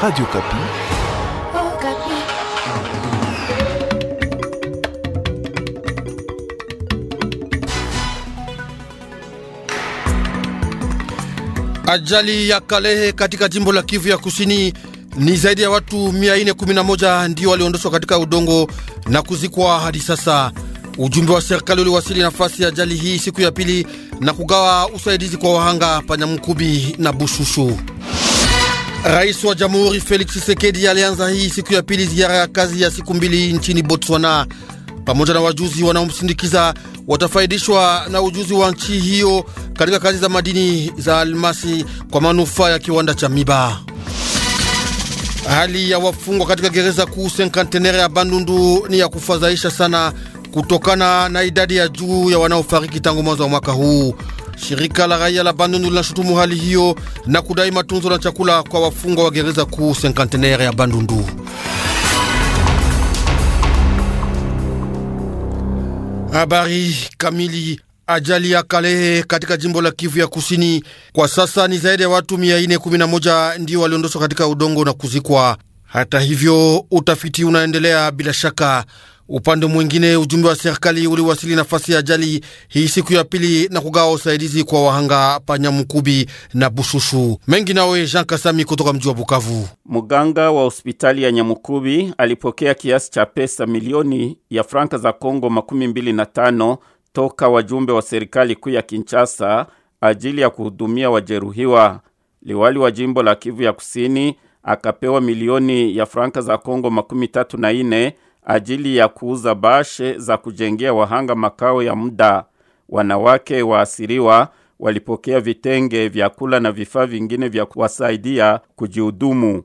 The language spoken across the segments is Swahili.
Radio Kapi. Oh, Kapi. Ajali ya Kalehe katika jimbo la Kivu ya Kusini ni zaidi ya watu 411 ndio waliondoshwa katika udongo na kuzikwa hadi sasa. Ujumbe wa serikali uliwasili nafasi ya ajali hii siku ya pili na kugawa usaidizi kwa wahanga panyamukubi na Bushushu. Rais wa Jamhuri Felix Tshisekedi alianza hii siku ya pili ziara ya kazi ya siku mbili nchini Botswana. Pamoja na wajuzi wanaomsindikiza watafaidishwa na ujuzi wa nchi hiyo katika kazi za madini za almasi kwa manufaa ya kiwanda cha Miba. Hali ya wafungwa katika gereza kuu Senkantenere ya Bandundu ni ya kufadhaisha sana kutokana na idadi ya juu ya wanaofariki tangu mwanzo wa mwaka huu. Shirika la raia la Bandundu linashutumu hali hiyo na kudai matunzo na chakula kwa wafungwa wa gereza kuu senkantenere ya Bandundu. Habari kamili. Ajali ya Kalehe katika jimbo la Kivu ya Kusini, kwa sasa ni zaidi ya watu 411 ndio waliondoshwa katika udongo na kuzikwa. Hata hivyo, utafiti unaendelea bila shaka. Upande mwingine, ujumbe wa serikali uliwasili nafasi ya ajali hii siku ya pili na kugawa usaidizi kwa wahanga Panyamukubi na Bushushu. Mengi nawe Jean Kasami kutoka mji wa Bukavu. Mganga wa hospitali ya Nyamukubi alipokea kiasi cha pesa milioni ya franka za Kongo makumi mbili na tano toka wajumbe wa serikali kuu ya Kinshasa ajili ya kuhudumia wajeruhiwa. Liwali wa jimbo la Kivu ya Kusini akapewa milioni ya franka za Kongo makumi tatu na ine ajili ya kuuza bashe za kujengea wahanga makao ya muda. Wanawake waasiriwa walipokea vitenge, vyakula na vifaa vingine vya kuwasaidia kujihudumu.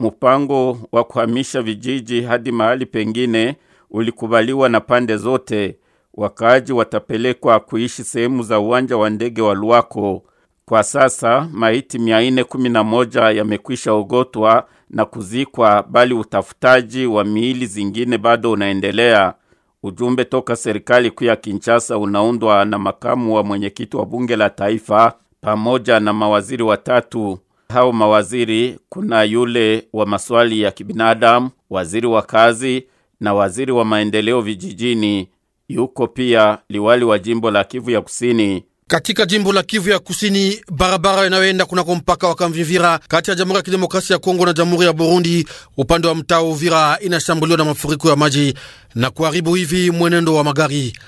Mpango wa kuhamisha vijiji hadi mahali pengine ulikubaliwa na pande zote. Wakaaji watapelekwa kuishi sehemu za uwanja wa ndege wa Luwako. Kwa sasa maiti 411 yamekwisha ogotwa na kuzikwa, bali utafutaji wa miili zingine bado unaendelea. Ujumbe toka serikali kuu ya Kinshasa unaundwa na makamu wa mwenyekiti wa bunge la taifa pamoja na mawaziri watatu. Hao mawaziri kuna yule wa maswali ya kibinadamu, waziri wa kazi na waziri wa maendeleo vijijini. Yuko pia liwali wa jimbo la Kivu ya Kusini. Katika jimbo la Kivu ya Kusini, barabara inayoenda kunako mpaka wa Kamvivira kati ya Jamhuri ya Kidemokrasia ya Kongo na Jamhuri ya Burundi upande wa mtaa Uvira inashambuliwa na mafuriko ya maji na kuharibu hivi mwenendo wa magari.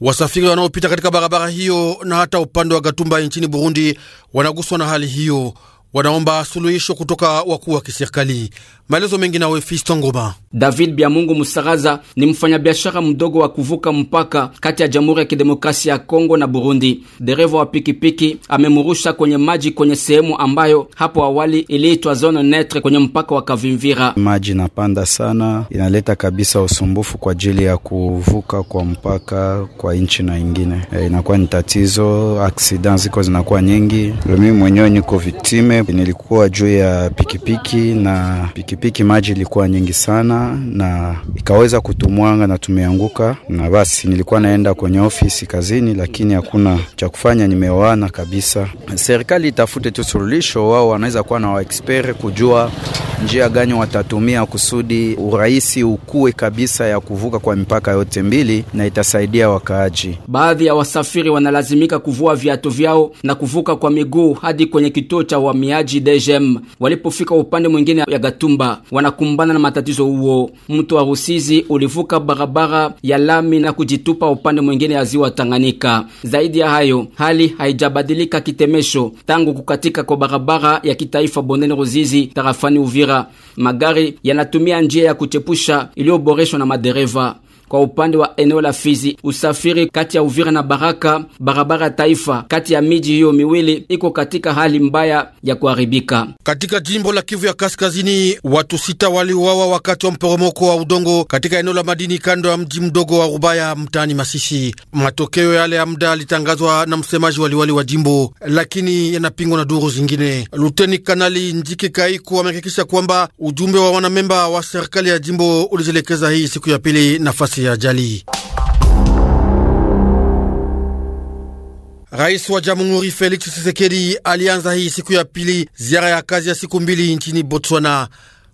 Wasafiri wanaopita katika barabara hiyo na hata upande wa Gatumba nchini Burundi wanaguswa na hali hiyo wanaomba suluhisho kutoka wakuu wa kiserikali. Maelezo mengi nawe Fiston Ngoma. David Biamungu Musaraza ni mfanyabiashara mdogo wa kuvuka mpaka kati ya Jamhuri ya Kidemokrasia ya Kongo na Burundi. Dereva wa pikipiki amemurusha kwenye maji kwenye sehemu ambayo hapo awali iliitwa zone netre kwenye mpaka wa Kavimvira. Maji inapanda sana, inaleta kabisa usumbufu kwa ajili ya kuvuka kwa mpaka kwa nchi na ingine. E, inakuwa ni tatizo, aksida ziko zinakuwa nyingi. Mimi mwenyewe niko vitime nilikuwa juu ya pikipiki na pikipiki maji ilikuwa nyingi sana na ikaweza kutumwanga na tumeanguka, na basi nilikuwa naenda kwenye ofisi kazini, lakini hakuna cha kufanya, nimeoana kabisa. Serikali itafute tu suluhisho, wao wanaweza kuwa na waexpert kujua njia gani watatumia kusudi urahisi ukue kabisa ya kuvuka kwa mipaka yote mbili, na itasaidia wakaaji. Baadhi ya wasafiri wanalazimika kuvua viatu vyao na kuvuka kwa miguu hadi kwenye kituo cha wami wahamiaji dejem Walipofika upande mwingine ya Gatumba, wanakumbana na matatizo huo. Mto wa Rusizi ulivuka barabara ya lami na kujitupa upande mwingine ya ziwa Tanganyika. Zaidi ya hayo, hali haijabadilika kitemesho tangu kukatika kwa barabara ya kitaifa bondeni Ruzizi tarafani Uvira. Magari yanatumia njia ya kuchepusha iliyoboreshwa na madereva. Kwa upande wa eneo la Fizi, usafiri kati ya Uvira na Baraka, barabara ya taifa kati ya miji hiyo miwili iko katika hali mbaya ya kuharibika. Katika jimbo la Kivu ya Kaskazini, watu sita waliuawa wakati wa mporomoko wa udongo katika eneo la madini kando ya mji mdogo wa Rubaya mtaani Masisi. Matokeo yale ya muda litangazwa na msemaji waliwali wa jimbo, lakini yanapingwa na duru zingine. Luteni Kanali Njiki Kaiku amehakikisha kwamba ujumbe wa wanamemba wa serikali ya jimbo ulijielekeza hii siku ya pili nafasi ya ajali. Rais wa Jamhuri Felix Tshisekedi alianza hii siku ya pili ziara ya kazi ya siku mbili nchini Botswana.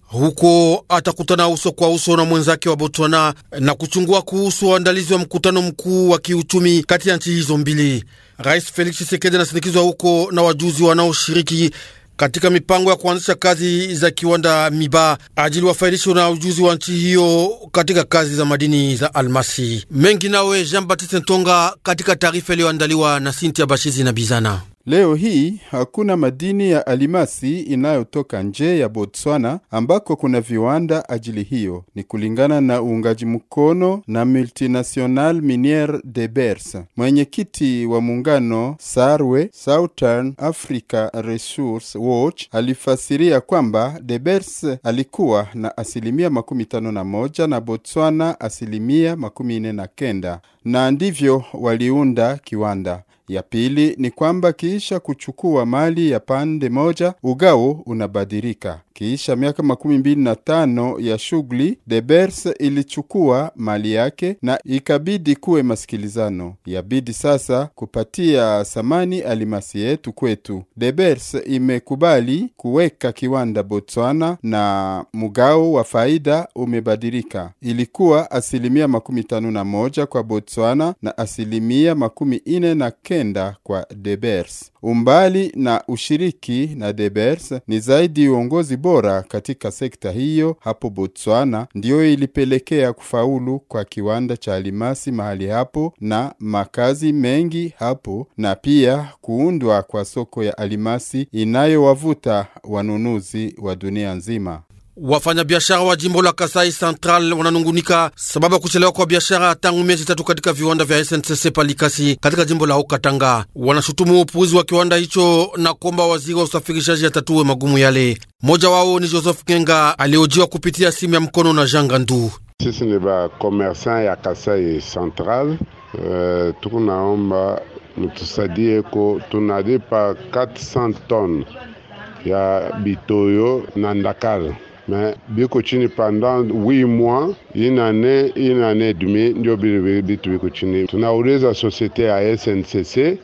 Huko atakutana uso kwa uso na mwenzake wa Botswana na kuchungua kuhusu waandalizi wa mkutano mkuu wa kiuchumi kati ya nchi hizo mbili. Rais Felix Tshisekedi anasindikizwa huko na wajuzi wanaoshiriki katika mipango ya kuanzisha kazi za kiwanda Miba ajili wafaidisho na ujuzi wa nchi hiyo katika kazi za madini za almasi mengi. Nawe Jean Baptiste Ntonga katika taarifa iliyoandaliwa na Sintia Bashizi na Bizana. Leo hii hakuna madini ya alimasi inayotoka nje ya Botswana ambako kuna viwanda ajili hiyo. Ni kulingana na uungaji mkono na Multinational Miniere de bers Mwenyekiti wa muungano Sarwe Southern Africa Resource Watch alifasiria kwamba de bers alikuwa na asilimia makumi tano na moja na Botswana asilimia makumi nne na kenda na ndivyo waliunda kiwanda ya pili ni kwamba kisha kuchukua mali ya pande moja, ugao unabadilika. Kiisha miaka makumi mbili na tano ya shughuli, Debers ilichukua mali yake na ikabidi kuwe masikilizano. Yabidi sasa kupatia samani alimasi yetu kwetu. Debers imekubali kuweka kiwanda Botswana na mgao wa faida umebadilika, ilikuwa asilimia makumi tano na moja kwa Botswana na asilimia makumi ine na kenda kwa Debers. Umbali na ushiriki na Debers ni zaidi uongozi bora katika sekta hiyo hapo Botswana ndiyo ilipelekea kufaulu kwa kiwanda cha alimasi mahali hapo na makazi mengi hapo na pia kuundwa kwa soko ya alimasi inayowavuta wanunuzi wa dunia nzima. Wafanyabiashara wa jimbo la Kasai Central wananungunika sababu ya kuchelewa kwa biashara tangu miezi tatu katika viwanda vya SNCC Palikasi katika jimbo la Haut-Katanga. Wanashutumu upuuzi wa kiwanda hicho na kuomba waziri wa usafirishaji atatue magumu yale. Mmoja wao ni Joseph ngenga aliojiwa kupitia simu ya mkono na Jean Gandu. Sisi ni ba komersan ya Kasai Central. Uh, tukunaomba mutusadie ko tunalipa 400 ton ya bitoyo na ndakal mais biko chini pendant 8 mois une année une année et demie ndio bitu biko chini. Tunauliza societe ya SNCC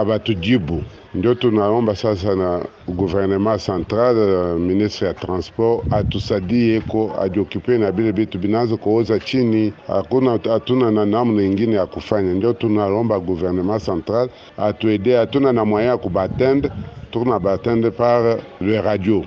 abatujibu ndio tunaomba sasa na gouvernement central uh, ministre ya transport atusadie ko ajiokipe na bile bitu binaanza kuoza chini. Hakuna, hatuna na namna ingine ya kufanya, ndio tunalomba guvernema central atuede. Hatuna na mwaya ya kubatende, tuna batende par le radio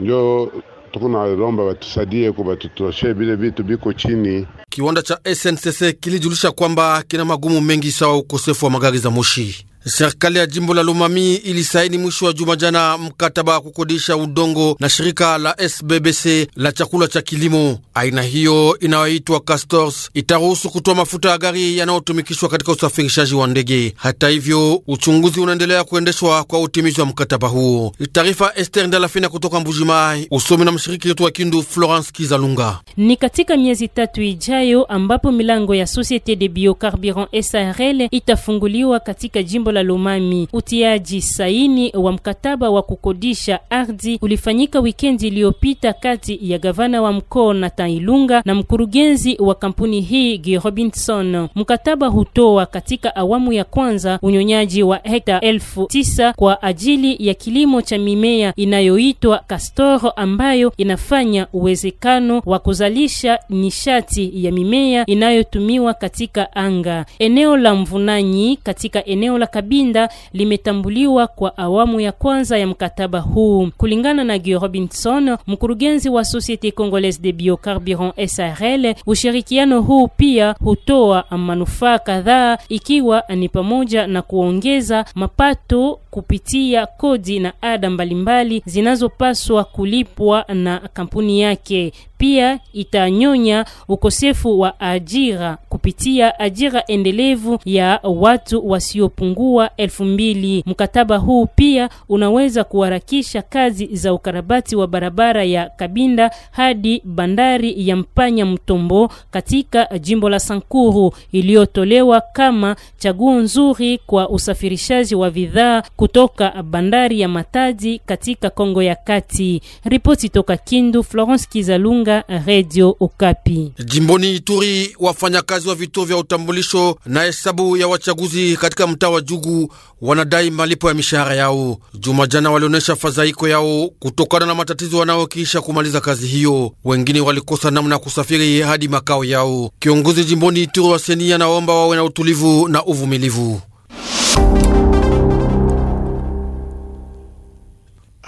njo tukunalomba nalomba batusadie kubatutoshe vile vitu biko chini. Kiwanda cha SNCC kilijulisha kwamba kina magumu mengi sawa ukosefu wa magari za moshi. Serikali ya jimbo la lumami ilisaini mwisho wa juma jana mkataba wa kukodisha udongo na shirika la SBBC la chakula cha kilimo. Aina hiyo inayoitwa castors itaruhusu kutoa mafuta ya gari yanayotumikishwa katika usafirishaji wa ndege. Hata hivyo, uchunguzi unaendelea kuendeshwa kwa utimizi wa mkataba huo. Taarifa Esther Ndalafina kutoka Mbujimai, usomi na mshiriki wetu wa Kindu Florence Kizalunga. Ni katika miezi tatu ijayo ambapo milango ya Societe de Biocarburant SARL itafunguliwa katika jimbo la Lomami. Utiaji saini wa mkataba wa kukodisha ardhi ulifanyika wikendi iliyopita kati ya gavana wa mkoa Nathan Ilunga na mkurugenzi wa kampuni hii Guy Robinson. Mkataba hutoa katika awamu ya kwanza unyonyaji wa hekta elfu tisa kwa ajili ya kilimo cha mimea inayoitwa kastoro ambayo inafanya uwezekano wa kuzalisha nishati ya mimea inayotumiwa katika anga. Eneo la Mvunanyi katika eneo la Kabinda limetambuliwa kwa awamu ya kwanza ya mkataba huu. Kulingana na Guy Robinson, mkurugenzi wa Societe Congolaise de Biocarburant SARL, ushirikiano huu pia hutoa manufaa kadhaa ikiwa ni pamoja na kuongeza mapato kupitia kodi na ada mbalimbali zinazopaswa kulipwa na kampuni yake. Pia itanyonya ukosefu wa ajira kupitia ajira endelevu ya watu wasiopungua elfu mbili. Mkataba huu pia unaweza kuharakisha kazi za ukarabati wa barabara ya Kabinda hadi bandari ya Mpanya Mtombo katika jimbo la Sankuru iliyotolewa kama chaguo nzuri kwa usafirishaji wa bidhaa kutoka bandari ya Matadi katika Kongo ya Kati. Ripoti toka Kindu, Florence Kizalunga, Radio Okapi. Jimboni Ituri, wafanyakazi wa vituo vya utambulisho na hesabu ya wachaguzi katika mtaa wa Jugu wanadai malipo ya mishahara yao. Jumajana walionyesha fadhaiko yao kutokana na matatizo wanayokiisha kumaliza kazi hiyo. Wengine walikosa namna ya kusafiri hadi makao yao. Kiongozi jimboni Ituri wa Senia anaomba wawe na utulivu na uvumilivu.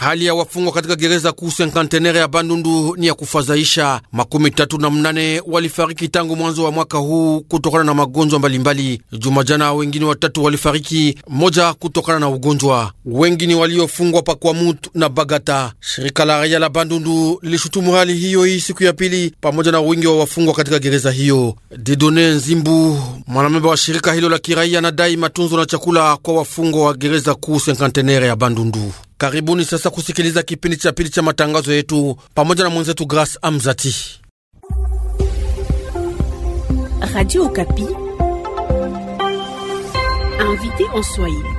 Hali ya wafungwa katika gereza kuu sinkantenere ya Bandundu ni ya kufadhaisha. Makumi tatu na mnane walifariki tangu mwanzo wa mwaka huu kutokana na magonjwa mbalimbali. jana wengine watatu walifariki, moja kutokana na ugonjwa. Wengi ni waliofungwa Pakwamut na Bagata. Shirika la raia la Bandundu lilishutumu hali hiyo hii siku ya pili, pamoja na wingi wa wafungwa katika gereza hiyo. Didone Nzimbu, mwanamemba wa shirika hilo la kiraia, anadai matunzo na chakula kwa wafungwa wa gereza kuu sinkantenere ya Bandundu. Karibuni sasa kusikiliza kipindi cha pili cha matangazo yetu pamoja na mwenzetu Grace Amzati. Radio Okapi, invité en Swahili.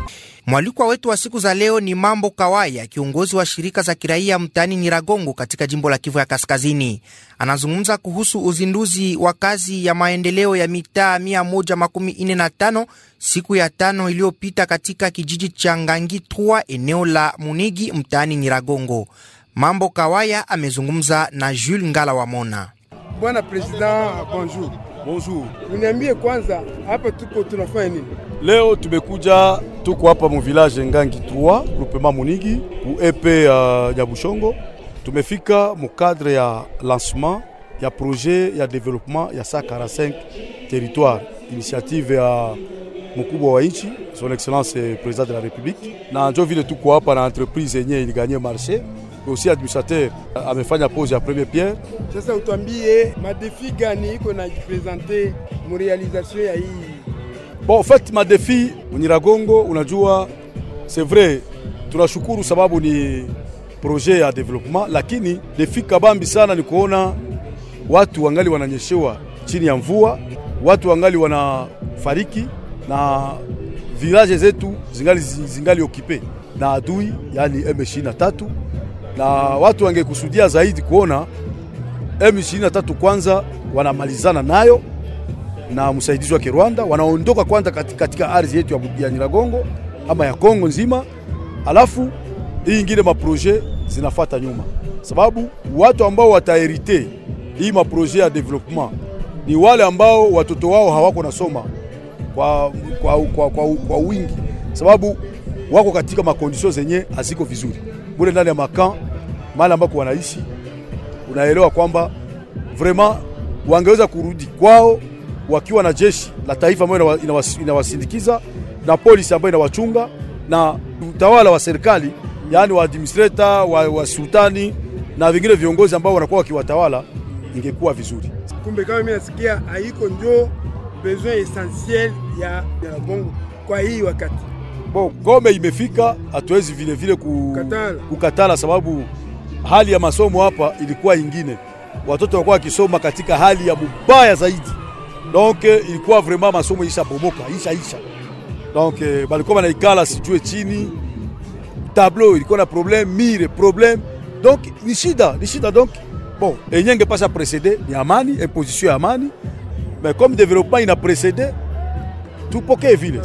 Mwalikwa wetu wa siku za leo ni Mambo Kawaya, kiongozi wa shirika za kiraia mtaani Niragongo katika jimbo la Kivu ya Kaskazini. Anazungumza kuhusu uzinduzi wa kazi ya maendeleo ya mitaa 145 siku ya tano iliyopita katika kijiji cha ngangi Ngangitwa, eneo la Munigi mtaani Niragongo. Mambo Kawaya amezungumza na Jules Ngala Wamona. Bwana President, bonjour. Bonjour. Uniambie kwanza hapa tuko tunafanya nini? Leo tumekuja tuko hapa mon village Ngangi 3 groupement Munigi ku EP ya uh, Nyabushongo. Tumefika mu cadre ya lancement ya projet ya développement ya 145 territoire, initiative ya mkubwa wa nchi Son Excellence euh, Président de la République, na de vile tuko hapa na entreprise gagné iliganye marché aussi administrateur euh, amefanya pose ya premier pierre. Sasa utwambie madefi gani iko na jipresente mrealization ya hii? Bon, en fait madefi Nyiragongo, unajua c'est vrai, tunashukuru sababu ni projet ya development, lakini defi kabambi sana ni kuona watu wangali wananyeshewa chini ya mvua, watu wangali wanafariki na viraje zetu zingali, zingali okipe na adui, yani M23 na watu wangekusudia zaidi kuona M23 kwanza wanamalizana nayo na msaidizi wake Rwanda, wanaondoka kwanza katika ardhi yetu ya Nyiragongo ama ya Kongo nzima, alafu hii ingine maproje zinafata nyuma, sababu watu ambao wataherite hii maproje ya development ni wale ambao watoto wao hawako nasoma kwa, kwa, kwa, kwa, kwa wingi, sababu wako katika makondisio zenye haziko vizuri bule ndani ya makamp mahali ambako wanaishi, unaelewa kwamba vraiment wangeweza kurudi kwao wakiwa na jeshi la taifa ambayo inawasindikiza na polisi ambayo inawachunga na utawala wa serikali, yaani administrator wa, wa sultani na vingine viongozi ambao wanakuwa wakiwatawala, ingekuwa vizuri. Kumbe kama mimi nasikia haiko njo besoin essentiel ya, ya Bongo kwa hii wakati Bo, Gome imefika, hatuwezi vilevile ku, kukatala sababu hali ya masomo hapa ilikuwa ingine, watoto walikuwa wakisoma katika hali ya mubaya zaidi, donc ilikuwa vraiment masomo isha bomoka isha isha, donc balikuwa banaikala sijue chini, tableau ilikuwa na problème, mire problème, donc ni shida ni shida. Donc bon, enye ngepasha précéder ni amani, imposition ya amani, mais comme développement ina précéder, tupokee vile.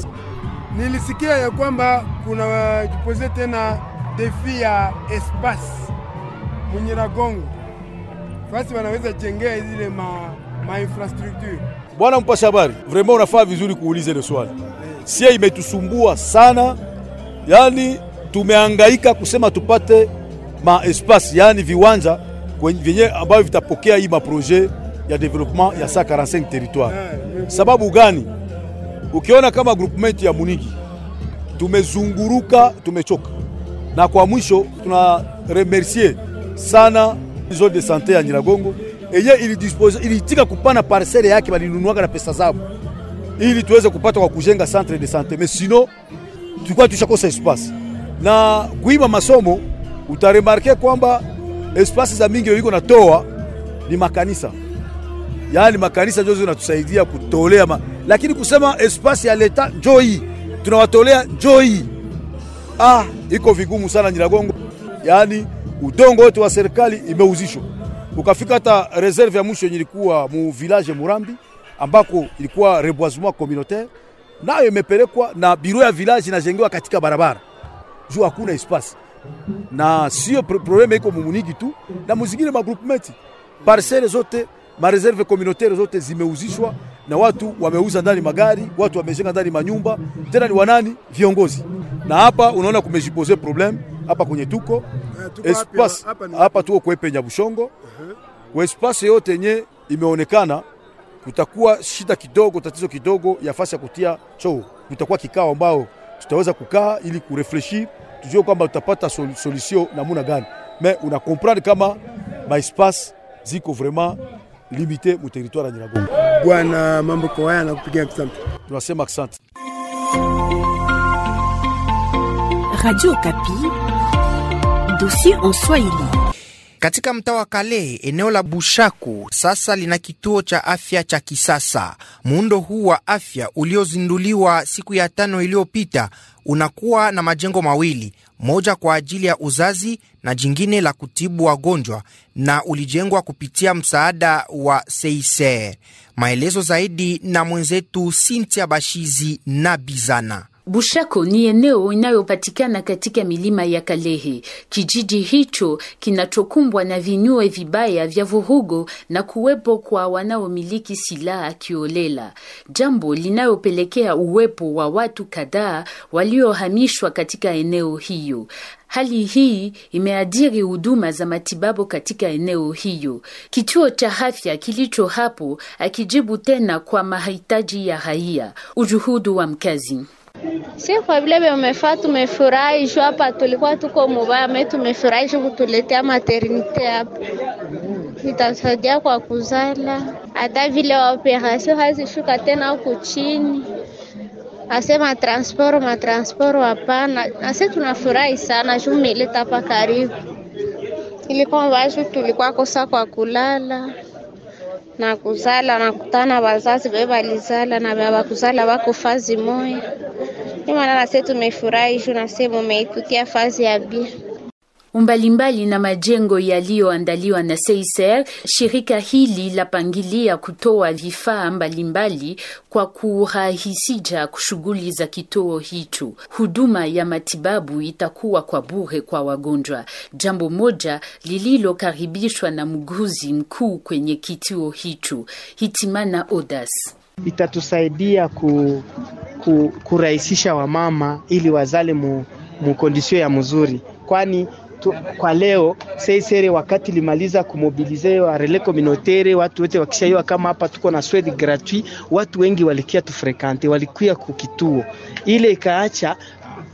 Nilisikia ya kwamba kuna jipozee euh, tena defi ya espace Munyiragongo, basi wanaweza jengea zile ma, ma infrastructure. Bwana mpasha habari, vraiment unafaa vizuri kuuliza ile swali. Sie imetusumbua sana, yani tumehangaika kusema tupate ma espace, yani viwanja vyenye ambavyo vitapokea hii maprojet ya development ya 145 territoire. Eh, eh, eh. Sababu gani? Ukiona kama groupement ya Munigi tumezunguruka, tumechoka, na kwa mwisho tuna remercier sana zone de sante ya Nyiragongo enye ilidispose ilitika kupana parcele yake balinunuaka na pesa zabu ili tuweze kupata kwa kujenga centre de sante, mais sino tulikuwa tushakosa espace na kuiba masomo. Utaremarke kwamba espace za mingi yoiko natoa ni makanisa, yaani makanisa ndio zinatusaidia kutolea ma, lakini kusema espace ya leta njoi tunawatolea njoi, ah, iko vigumu sana Nyiragongo yaani udongo wote wa serikali imeuzishwa, ukafika hata reserve ya mwisho yenye ilikuwa mu village Murambi ambako ilikuwa reboisement communautaire, nayo imepelekwa na biro ya village inajengewa katika barabara juu hakuna espace, na sio probleme iko mumunigi tu na muzingine magroupement parcele zote ma reserve communautaire zote zimeuzishwa na watu wameuza ndani magari, watu wamejenga ndani manyumba, tena ni wanani viongozi. Na hapa unaona kumejipose probleme hapa kwenye tuko eh, hapa tuko kwepe Nyabushongo, kwa espace yote yenye imeonekana kutakuwa shida kidogo, tatizo kidogo ya fasi ya kutia choo. Kutakuwa kikao ambao tutaweza kukaa ili kurefleshi, tujue kwamba tutapata sol, solution namuna gani. Me una comprendre kama maespace ziko vraiment limite mu territoire ya Nyiragongo. Bwana mambo kwa haya na kupiga asante, tunasema asante Radio Kapi dossier en Swahili. Katika mtaa wa Kale, eneo la Bushaku sasa lina kituo cha afya cha kisasa. Muundo huu wa afya uliozinduliwa siku ya tano iliyopita unakuwa na majengo mawili, moja kwa ajili ya uzazi na jingine la kutibu wagonjwa, na ulijengwa kupitia msaada wa Seiser. Maelezo zaidi na mwenzetu Sintia Bashizi na Bizana. Bushako ni eneo inayopatikana katika milima ya Kalehe. Kijiji hicho kinachokumbwa na vinyue vibaya vya vurugo na kuwepo kwa wanaomiliki silaha kiolela, jambo linayopelekea uwepo wa watu kadhaa waliohamishwa katika eneo hiyo. Hali hii imeadhiri huduma za matibabu katika eneo hiyo. Kituo cha afya kilicho hapo akijibu tena kwa mahitaji ya raia. Ujuhudu wa mkazi Si kwa vile bemefaa tumefurahi juu hapa tulikuwa tuko mubaya me, tumefurahi juu kutuletea maternite hapa, itasaidia kwa kuzala. Hata vile waoperasio hazishuka tena huku chini, asema transport matransporo, hapana. Nasi tunafurahi sana juu meleta hapa karibu, ilikuwa mbaya tulikuwa kosa kwa kulala na kuzala nakutana wazazi bae balizala na kuzala wako fazi moya, ni maana nase tumefurahi juu nase mumeitukia fazi ya bia mbalimbali na majengo yaliyoandaliwa na Seiser. Shirika hili lapangilia kutoa vifaa mbalimbali kwa kurahisisha shughuli za kituo hicho. Huduma ya matibabu itakuwa kwa bure kwa wagonjwa, jambo moja lililokaribishwa na mguzi mkuu kwenye kituo hicho, Hitimana Odas. Itatusaidia ku, ku, kurahisisha wamama ili wazale mu, mu ya mzuri kwani tu, kwa leo seisere wakati limaliza kumobilize wa rele communautaire, watu wote wakishaiwa kama hapa tuko na swedi gratuit, watu wengi walikia tufrekante walikuya kukituo ile ikaacha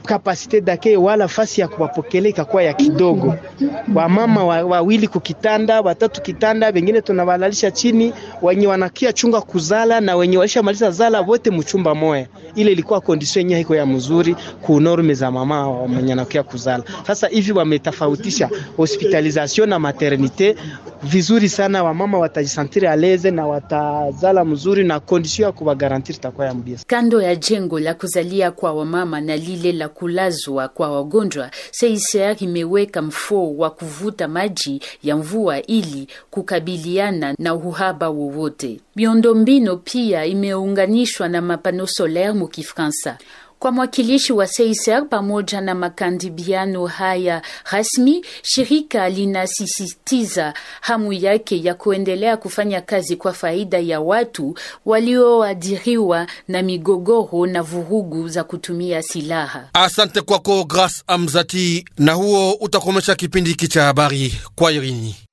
kapasite dake wala fasi ya kuwapokeleka kwa ya kidogo. Wamama wawili wa kukitanda, watatu kitanda, wengine tunawalalisha chini, wenye wanakia chunga kuzala na wenye waisha maliza zala wote mchumba moya. Ile ilikuwa condition yenyewe iko ya mzuri ku norme za mama mwenye wanakia kuzala. Sasa hivi wametafautisha hospitalization na maternite vizuri sana, wamama watajisantiri aleze na watazala mzuri na condition ya kuwa garantir takuwa ya mbiasa. Kando ya jengo la kuzalia kwa wamama na lile la kulazwa kwa wagonjwa, CICR imeweka mfuo wa kuvuta maji ya mvua ili kukabiliana na uhaba wowote. Miundombinu pia imeunganishwa na mapano solaire mu kwa mwakilishi wa Seiser pamoja na makandibiano haya rasmi, shirika linasisitiza hamu yake ya kuendelea kufanya kazi kwa faida ya watu walioadhiriwa na migogoro na vurugu za kutumia silaha. Asante kwako Grace Amzati, na huo utakomesha kipindi hiki cha habari kwa Irini.